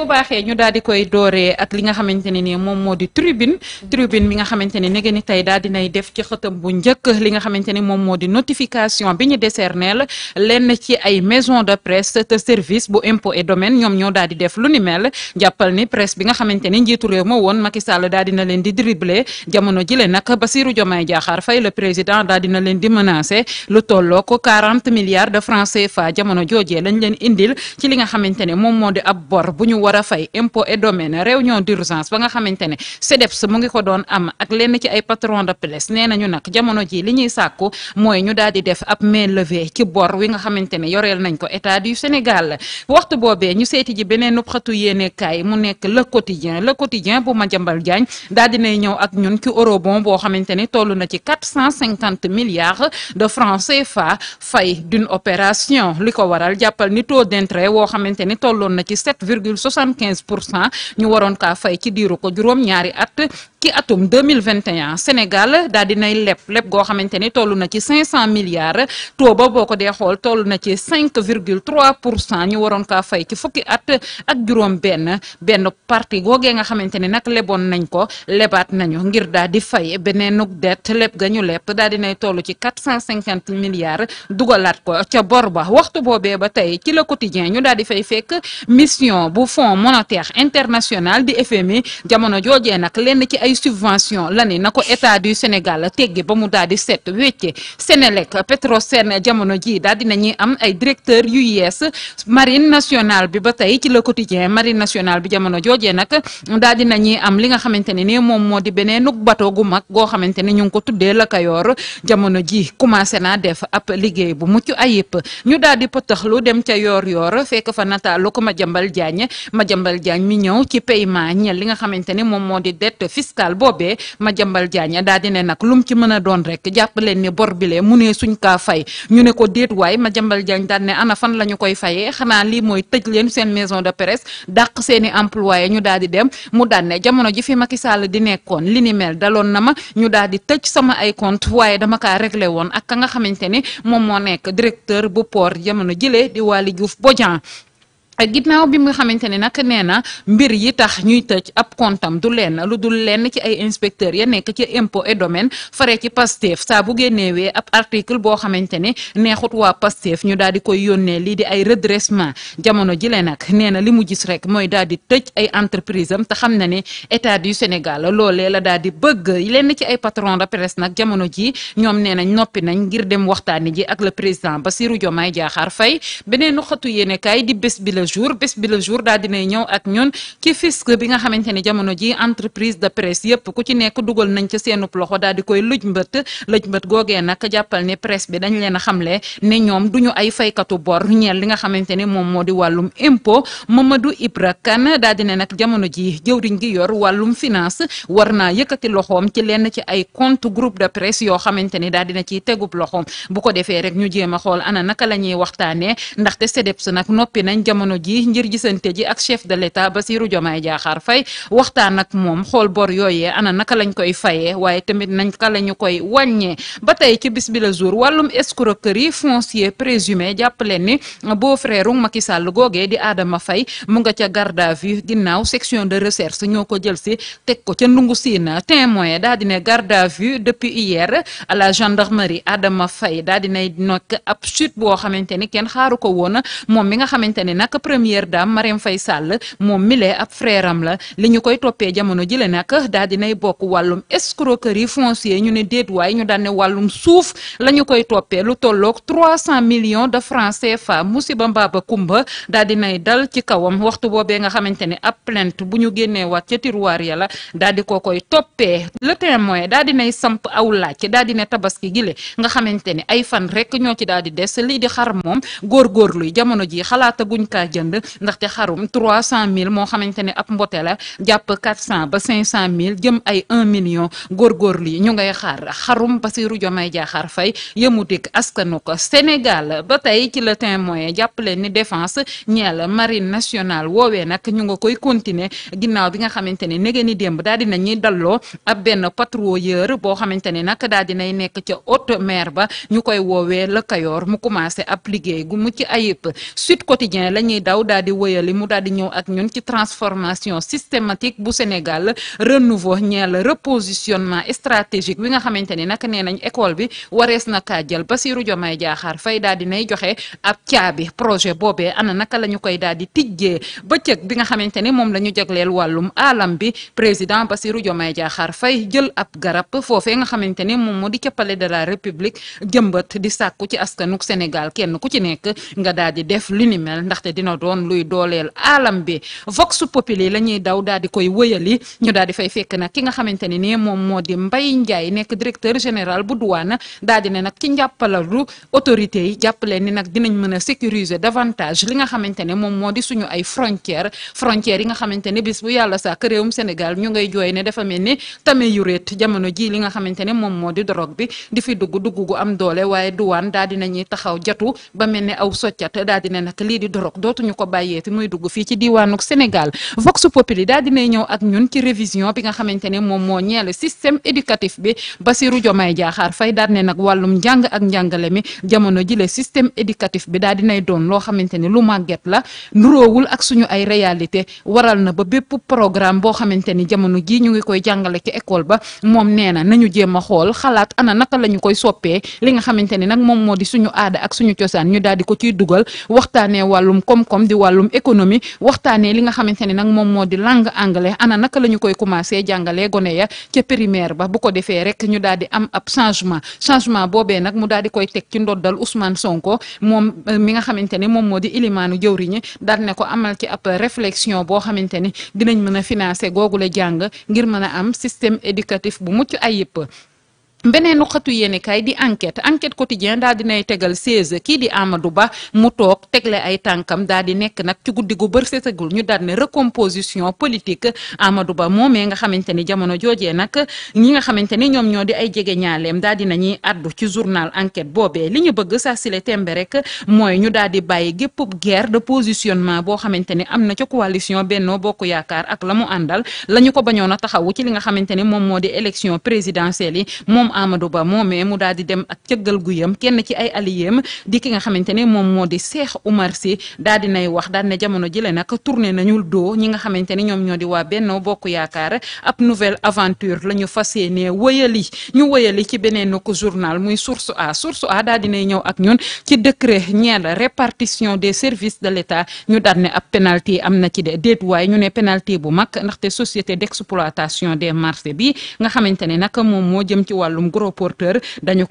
bu baaxee ñu daal di koy dooree ak li nga xamante ne ni moom moo di tribune tribune bi nga xamante ne nege ni tey daal dinay def ci xëtam bu njëkk li nga xamante ni moom moo di notification bi ñu décernel lenn ci ay maison de presse te service bu impôt et domaine ñoom ñoo daal di def lu ni mel jàppal ni presse bi nga xamante ni njiitu réew ma woon Macky Sall daal dina leen di dribbler jamono jile nag Bassirou Diomaye Diakhar Faye le président daal dina leen di menacer lu tolloo ko 40 milliards de francs CFA jamono joojee lañ leen indil ci li nga xamante ne moom moo di ab war a fay impôt ne CDEPS mu ngi ko doon am ak lenn ci ay patron waxtu boobee ñu seeti ji beneen xatu yéene mu nekk le quotidien le quotidien bu Madiambal Diagne daal dinay ñëw ak ñun ci eurobond boo xamante ne toll na ci quatre cent cinquante milliards de francs CFA fay d'une opération li ko waral jàppal ni taux d'intérêt woo xamante ne na ci sept 75 pour cent ñu waroon kaa fay ci diiru ko juróom-ñaari at ci atum 2021 Sénégal daal dinay leb leb goo xamante ni toll na ci 500 milliards taux ba boo ko dee xool toll na ci 5 virgule 3 pour cent ñu waroon kaa fay ci fukki at ak juróom benn benn parti googee nga xamante ni nag leboon nañ ko lebaat nañu ngir daal di fay beneenug det leb ga ñu leb daal nay toll ci 450 milliards dugalaat ko ca bor ba waxtu boobee ba tey ci le quotidien ñu daal di fay fekk mission bu fonds monétaire international di FMI jamono joojee nag lenn ci ay ay subvention la ne na ko état du Sénégal tegge ba mu daal di set wecce Sénélec Petrosen jamono ji daal dina ñuy am ay directeur yu yees marine nationale bi ba tey ci le quotidien marine nationale bi jamono joojee nag daal dina am li nga xamante ne ni moom moo di beneenug bateau gu mag goo xamante ne ñu ngi ko tuddee la Kayoor jamono ji commencé na def ab liggéey bu mucc ayib ñu daal di pëtaxlu dem ca yoor yoor fekk fa nataalu ko Madiambal Diagne Madiambal Diagne mi ñëw ci fiscale boobee Madiambal Diagne daa di ne nag lu mu ci mën a doon rek jàpp leen ni bor bile mu ne suñ kaa fay ñu ne ko déet waay Madiambal Diagne daan ne ana fan la ñu koy fayee xanaa lii mooy tëj leen seen maison de presse dàq seen i ñu daal di dem mu daan ne jamono ji fi Macky Sall di nekkoon li ni mel daloon na ma ñu daal di tëj sama ay compte waaye dama kaa réglé woon ak ka nga xamante ni moom moo nekk directeur bu port jamono jile di Waly Diouf Bodian ginnaaw bi nga xamante ne nag nee na mbir yi tax ñuy tëj ab kontam du lenn lu dul lenn ci ay inspecteurs ya nekk ci impôt et domaine fare ci pastef sa bu génneewee ab article boo xamante ne neexut waa pastef ñu daal di koy yónnee lii di ay redressement jamono jile nag nee na li mu gis rek mooy daal di tëj ay entreprise am te xam na ne état du Sénégal loolee la daal di bëgg lenn ci ay patron de presse nag jamono ji ñoom nee nañ noppi nañ ngir dem waxtaani ji ak le président Bassirou Diomaye Diakhar Faye beneen xatu jour bés bi le jour daal dinay ñëw ak ñun ci fisc bi nga xamante ni jamono ji entreprise de presse yëpp ku ci nekk dugal nañ ca seenub loxo daal di koy lëj mbët lëj mbët googee nag jàppal ne presse bi dañ leen a xamle ne ñoom du ñu ay faykatu bor ñeel li nga xamante ni moom moo di wàllum impôt Mamadou Ibra Kane daal di ne nag jamono ji jëwriñ gi yor wàllum finance war naa yëkkati loxoom ci lenn ci ay compte groupe de presse yoo xamante ni daal dina ciy tegub loxoom bu ko defee rek ñu jéem a xool ana naka la ñuy waxtaanee jamono ji ngir gisante ji ak chef de l'État Bassirou Diomaye Diakhar Faye waxtaan ak moom xool bor yooyee ana naka lañ koy fayee waaye tamit naka lañu koy wàññee ba tey ci bis bi la jour wàllum escroquerie foncier présumé jàpp leen ni beau-frère Macky Sall googee di Adama Faye mu nga ca garde à vue gannaaw section de recherche ñoo ko jël si teg ko ca ndungu siin témoin daa di ne garde à vue depuis hier à la gendarmerie Adama Faye daa di ne nag ab chute boo xamante première dame Marème Faye Sall moom mile ab frère am la li ñu koy toppee jamono jile nag daal dinay bokk wàllum escroquerie foncier ñu ne déet waay ñu daan ne wàllum suuf la ñu koy toppee lu tolloog 300 millions de francs CFA musiba mbaaba kumba daal dinay dal ci kawam waxtu boobee nga xamante ni ab plainte bu ñu génnee waat ca tiroir ya la daal di ko koy toppee le témoin daal dinay samp aw laaj daal dina tabaski gile nga xamante ne ay fan rek ñoo ci daal di jënd ndaxte xarum trois cent mille moo xamante ne ab mbote la jàpp quatre cent ba cinq cent mille jëm ay un million góorgóorlu yi ñu ngay xaar xarum Bassirou Diomaye Diakhar Faye yëmutik askanu ko Sénégal ba tey ci le témoin jàpp leen ni défense ñeel marine nationale woowee nag ñu nga koy continuer ginnaaw bi nga xamante ne nege ni démb daal dina ñuy dalloo ab benn patrouilleur boo xamante ne nag daal dinay nekk ca haute mer ba ñu koy woowee la Kayoor mu commencé ab liggéey gu mucc ayib Sud dañuy daw daal di wëyali mu daal di ñëw ak ñun ci transformation systématique bu Sénégal renouveau ñeel repositionnement stratégique bi nga xamante ni nag nee nañ école bi warees na jël Bassirou Diomaye Diakhar Faye daal nay joxe ab caabi projet boobee ana naka la ñu koy daal di tijjee bëccëg bi nga xamante ni moom la ñu jagleel wàllum alam bi président Bassirou Diomaye Diakhar Faye jël ab garab foofee nga xamante ni moom moo di capale de la république jëmbat di sàkku ci askanuk Sénégal kenn ku dina doon luy dooleel alam bi vox populi la ñuy daw daal di koy wëyali ñu daal di fay fekk nag ki nga xamante ne ni moom moo di Mbaye Ndiaye nekk directeur général bu douane daal di ne nag ci njàppalalu autorités yi jàppaleen ni nag dinañ mën a sécuriser davantage li nga xamante ne moom moo di suñu ay frontières frontières yi nga xamante ne bis bu yàlla sàkk réewum Sénégal ñu ngay jooy ne dafa mel ni tame yuréet jamono ji li nga xamante ne moom moo di drogue bi di fi dugg dugg gu am doole waaye douane daal di taxaw jatu ba mel ne aw soccat daal nag lii di drogue dootuñu ko bàyyeeti muy dugg fii ci diwaanuk Sénégal Vox Populi daal dinay ñëw ak ñun ci révision bi nga xamante ne moom moo ñeel système éducatif bi Bassirou Diomaye Diakhar Faye daal ne nag wàllum njàng ak njàngale mi jamono jile système éducatif bi daal dinay doon loo xamante ne lu màgget la nuroowul ak suñu ay réalité waral na ba bépp programme boo xamante ni jamono jii ñu ngi koy jàngale ci école ba moom nee na nañu jéem a xool xalaat ana naka la ñu koy soppee li nga xamante ni nag moom moo di suñu aada ak suñu cosaan ñu daal ko ciy dugal waxtaanee comme di wàllum économie waxtaanee li nga xamante ni nag moom moo di langue anglais ana naka la ñu koy commencé jàngalee gone ya ca primaire ba bu ko defee rek ñu daal di am ab changement changement boobee nag mu daal di koy teg ci dal Ousmane Sonko moom euh, mi nga xamante ne moom moo di ilimaanu jëwriñi daal ne ko amal ci ab réflexion boo xamante ni dinañ mën a financer googu la jàng ngir mën a am système éducatif bu mucc ay ayib mbeneenu xatu xëtu yéenekaay di enquete enquête quotidien daal dinay tegal 16 kii di Amadou Ba mu toog tegle ay tànkam daal di nekk nag ci guddi gu bër setagul ñu daal ne recomposition politique Amadou Ba moomee nga xamante ni jamono joojee nag ñi nga xamante ni ñoom ñoo di ay jege ñaaleem daal di nañuy addu ci journal enquête boobee li ñu bëgg saa tembe rek mooy ñu daal di bàyyi gépp guerre de positionnement boo xamante ni am na ca coalition Benno Bokk Yaakaar la mu àndal la ñu ko bañoon a taxawu ci li nga xamante ni moom moo di élection présidentielle yi moom Amadou Ba moomee mu daal di dem ak cëggal guyam kenn ci ay alliéem di ki nga xamante ne moom moo di Cheikh Oumar Sy daal di nay wax daal ne jamono jile nag tourné nañu doo ñi nga xamante ne ñoom ñoo di waa Benno Bokk Yaakaar ab nouvelle aventure la ñu fas yéenee wëyali ñu wëyali ci beneen ko journal muy Source A Source A daal di nay ñëw ak ñun ci décret ñeel répartition des services de l'État ñu daal ne ab penalty am na ci de déet waaye ñu ne penalty bu mag ndaxte société d'exploitation des marchés bi wàllum gros porteur dañu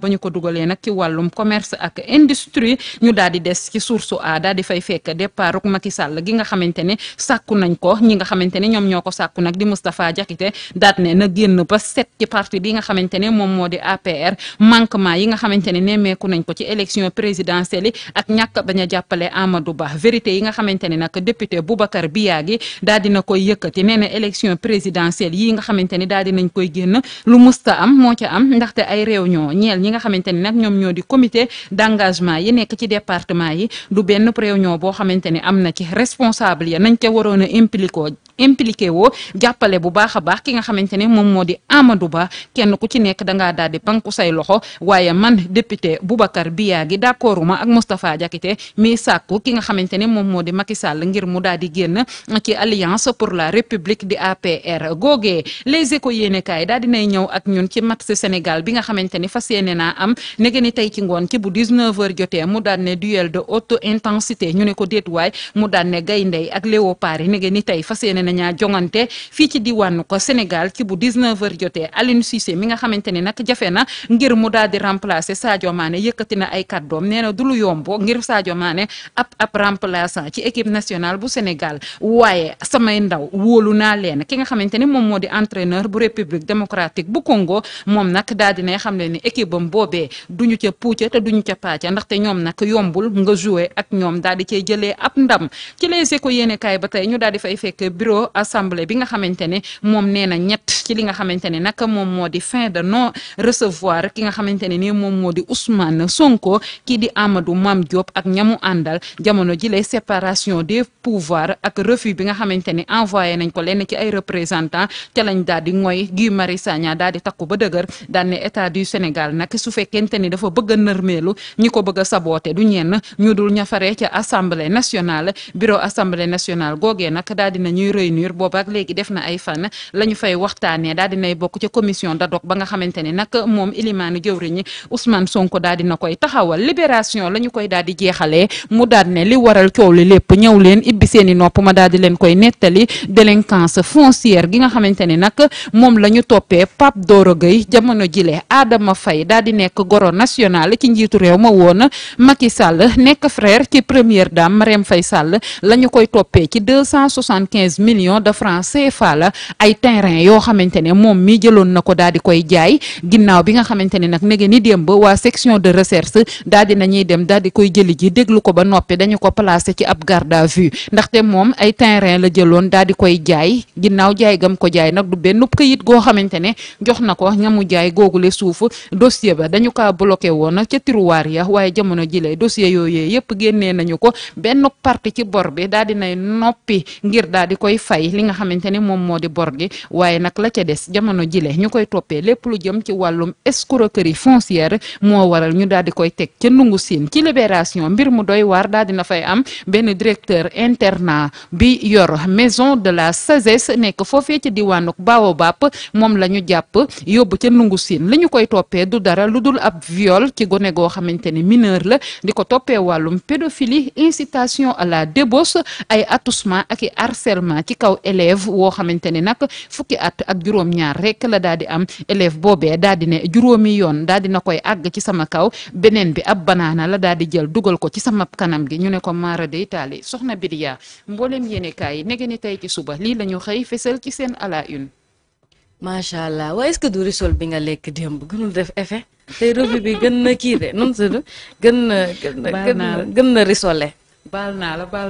ba ñu ko dugalee nag ci wàllum commerce ak industrie ñu daal di ci source a daal di fay fekk départuk Macky Sall gi nga xamante ne sàkku nañ ko ñi nga xamante ne ñoom ñoo ko sàkku nag di Moustapha Diakité daat ne na génn ba set ci parti bi nga xamante ne moom moo di APR manquement yi nga xamante ne nemmeeku nañ ko ci élection présidentielle yi ak ñàkk bañ a jàppale Amadou Ba yi nga xamante ne nag député Boubacar Biagi daal dina koy yëkkati nee na élection présidentielle yi nga xamante ne daal dinañ koy génn lu musta am moo ca am ndaxte ay réunion ñeel ñi nga xamante ni nag ñoom ñoo di comité d'engagement yi nekk ci département yi du benn réunion boo xamante ni am na ci responsable ya nañ ca waroon a impliqué impliqué woo jàppale bu baax a baax ki nga xamante ne moom moo di Amadou Ba kenn ku ci nekk dangaa daal di panku say loxo waaye man député Boubacar Biagui ma ak Moustapha Diakité mi sàkku ki nga xamante ne moom moo di Macky Sall ngir mu daal di génn ci alliance pour la république di APR googee les échos yéenekaay daal dinay ñëw ak ñun ci match Sénégal bi nga xamante ni fas yéene naa am nege ni tey ci ngoon ci bu 19h jotee mu daan ne duel de haute intensité ne ko déet mu daan ne gayndey nañaa jongante fii ci diwaanu ko Sénégal ci bu 19h jotee Aliou Cissé mi nga xamante ne nag jafe na ngir mu daal di remplacer Sadio Mané yëkkati na ay kàddoom nee na du lu yomb ngir Sadio Mané ab ab remplaçant ci équipe nationale bu Sénégal waaye samay ndaw wóolu naa leen ki nga xamante ne moom moo di entraîneur bu République démocratique bu Congo moom nag daal di nay xam ne ni équipe bam boobee duñu ca puuca te duñu ca paaca ndaxte ñoom nag yombul nga jouer ko assemblée bi nga xamante ne moom nee na ñett ci li nga xamante ne nag moom moo di fin de non recevoir ki nga xamante ne nii moom moo di Ousmane Sonko kii di amadu Mame Diop ak ñamu àndal jamono ji lay séparation des pouvoirs ak refus bi nga xamante ne envoyé nañ ko lenn ci ay représentant ca lañ daal di mooy Guy Marius Sagna daal di takku ba dëgër daal état du Sénégal nag su fekkente ni dafa bëgg a nërmeelu ñi ko bëgg a saboté du ñenn ñu dul ñafaree ca assemblée nationale réunir boobaak léegi def na ay fan la ñu fay waxtaanee daal dinay bokk ca commission d'ad-hoc ba nga xamante ne nag moom ilimaani jëwriñi Ousmane Sonko daal dina koy taxawal libération la ñu koy daal di jeexalee mu daal ne li waral coow li lépp ñëw leen ibbi seen i nopp ma daal di leen koy nettali délinquance foncière gi nga xamante ne nag moom la ñu toppee Pape Doro Gueye jamono jile Adama fay daal di nekk goro national ci njiitu réew ma woon maki Sall nekk frère ci première dame Marème Faye Sall millions de francs CFA la ay terrain yoo xamante ne moom mi jëloon na ko daal di koy jaay ginnaaw bi nga xamante ne nag nege ni démb waa section de recherche daal di nañuy dem daal di koy jëli ji déglu ko ba noppi dañu ko placer ci ab garde à vue ndaxte moom ay terrain la jëloon daal di koy jaay ginnaaw jaay gam ko jaay nag du benn këyit goo xamante ne jox na ko ñamu jaay googule suuf dossier ba dañu kaa bloqué woon ca tiroir ya waaye jamono jile dossier yooyu yëpp génnee nañu ko fay li nga xamante ne moom moo di bor waaye nag la ca des jamono jile ñu koy toppee lépp lu jëm ci wàllum escroquerie foncière moo waral ñu daal di koy teg ca ndungu siin ci libération mbir mu doy waar daal dina fay am benn directeur internat bi yor maison de la sagesse nekk foofee ci diwaanuk Baobab moom lañu ñu jàpp yóbbu ca ndungu siin li ñu koy toppee du dara lu dul ab viol ci gone goo xamante mineur la di ko toppee wàllum pédophilie incitation à la ci kaw élève woo xamante ne nag fukki at ak juróom-ñaar rek la daal di am élève boobee daal di ne juróomi yoon daal di na koy àgg ci sama kaw beneen bi ab banaana la daal di jël dugal ko ci sama kanam gi ñu ne ko maara day taali soxna Biria mboolem yéenekaay yi nege ni tey ci suba lii la ñu xëy fësal ci seen à la une. macha allah wa est-ce que du risol bi nga lekk démb gënul def effet gën na kii non c'est gën na. baal naa la baal